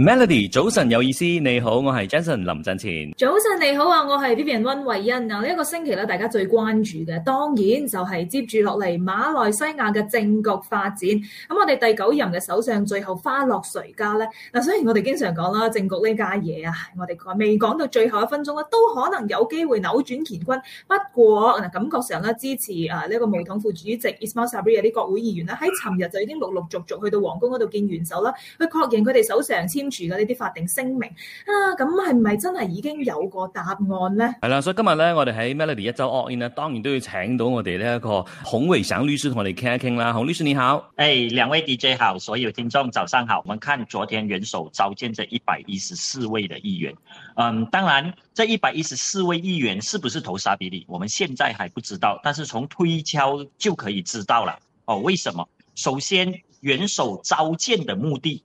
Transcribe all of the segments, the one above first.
Melody，早晨有意思，你好，我係 Jason 林振前。早晨你好啊，我係 Vivian 溫慧欣啊。呢、這、一個星期咧，大家最關注嘅，當然就係接住落嚟馬來西亞嘅政局發展。咁我哋第九任嘅首相最後花落誰家咧？嗱，雖然我哋經常講啦，政局呢家嘢啊，我哋未講到最後一分鐘都可能有機會扭轉乾坤。不過嗱，感覺上咧，支持啊呢個巫統副主席 Ismail Sabri a 啲國會議員咧，喺尋日就已經陸陸續續，續，續去到皇宮嗰度見元首啦，去確認佢哋首相簽。住呢啲法定聲明啊，咁係咪真係已經有個答案咧？係啦，所以今日咧，我哋喺 Melody 一周 All In 當然都要請到我哋呢一個洪偉祥律師同我哋傾一傾啦。洪律師你好，誒，兩位 DJ 好，所有聽眾早上好。我們看昨天元首召見這一百一十四位嘅議員，嗯，當然，這一百一十四位議員是不是投沙比里，我們現在還不知道，但是從推敲就可以知道了。哦，為什麼？首先，元首召見的目的。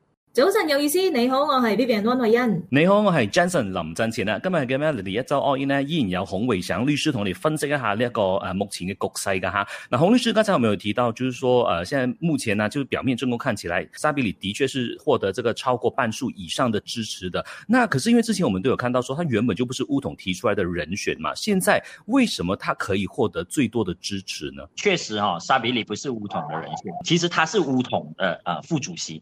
早晨有意思，你好，我係 B B N 温慧欣。你好，我是 Jenson 林振前啦。今日係叫咩？嚟嚟一周，All In 呢？依然由洪偉翔、律師同你分析一下呢一個誒目前嘅局勢噶哈。那洪律師剛才我們有提到，就是說呃，現在目前呢，就是表面政夠看起來，沙比里的確是獲得這個超過半數以上的支持的。那可是因為之前我們都有看到，說他原本就不是巫統提出來的人選嘛。現在為什麼他可以獲得最多的支持呢？確實哈、哦，沙比里不是巫統的人選，其實他是巫統的呃,呃副主席。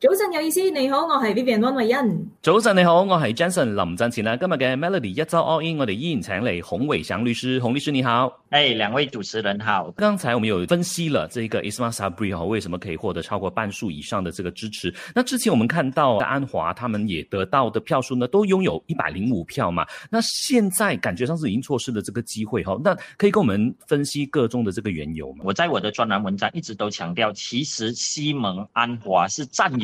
早晨，有意思，你好，我係 Vivian 溫慧欣。早晨，你好，我係 Jansen 林振前啦。今日嘅 Melody 一周 All In，我哋依然請嚟洪偉翔律師，洪律師你好。誒、hey，兩位主持人好。剛才我們有分析了這個 Ismail Sabri 為什麼可以獲得超過半數以上的這個支持。那之前我們看到安華他們也得到的票數呢，都擁有一百零五票嘛。那現在感覺上是已經錯失了這個機會哈。那可以跟我們分析個中的這個緣由嗎？我在我的專欄文章一直都強調，其實西蒙安華是佔有。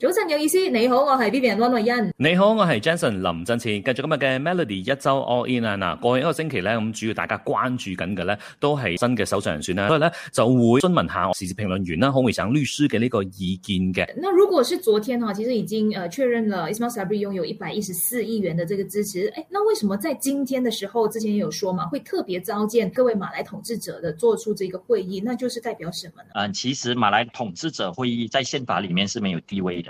早晨有意思，你好，我係 BBN 溫慧欣。你好，我是 Jenson 林振前。繼續今日嘅 Melody 一周 All In 啊。嗱，過去一個星期咧，咁主要大家關注緊嘅咧，都係新嘅首相人選啦，所以咧就會詢問一下我時事評論員啦，洪偉翔律師嘅呢個意見嘅。那如果是昨天嘅，其實已經誒確認了 Ismail Sabri 擁有一百一十四億元的這個支持，誒，那為什麼在今天嘅時候，之前有說嘛，會特別召見各位馬來統治者的做出這個會議，那就是代表什麼呢？嗯，其實馬來統治者會議在憲法裏面是沒有地位嘅。